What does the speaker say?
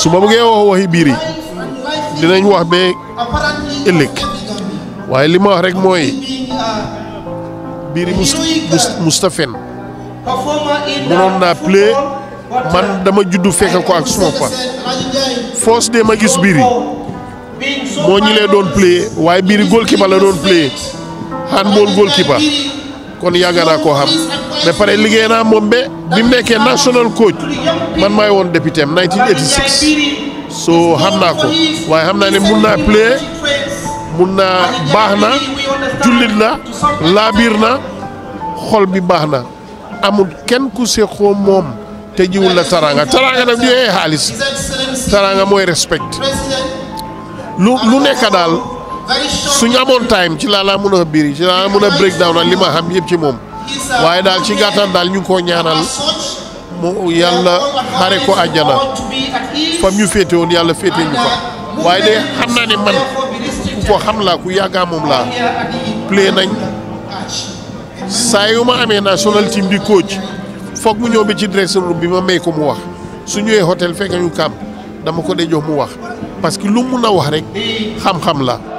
su ma bëggee wax waxi biir dinañ wax ba ëllëg waaye li ma wax rek mooy biir yi Mustafen mënoon naa play man dama juddu fekkal ko ak suma pa force de ma gis biir yi moo ñi doon play waaye biir yi goalkeeper la doon play handball goalkeeper kon yàgg naa koo xam ba pare liggéey naa moom ba bi mu nekkee national coach man maay woon député am 1986 so xam naa ko waaye xam naa ne mun naa play mun naa baax na jullit la laabiir na xol bi baax na amul kenn ku seqoo moom te jiwul la taraanga taraanga nag du yee taraanga mooy respect lu lu nekk daal suñ amoon time ci laa laa mun a biir ci laa laa mun a break down ak li ma xam yëpp ci moom. waaye daal ci gàttal daal ñu ngi koo ñaanal mu yàlla xare ko àjjana fam ñu féete yàlla féete ñu fa waaye de xam naa ne man ku ko xam laa ku yàggaa moom laa plé nañ saa yu ma amee national team bi coach mu ñëw bi ci direction room bi ma may ko mu wax su ñëwee hôtel fekk ñu kàmp dama ko dee jox mu wax parce que lu mun a wax rek xam-xam la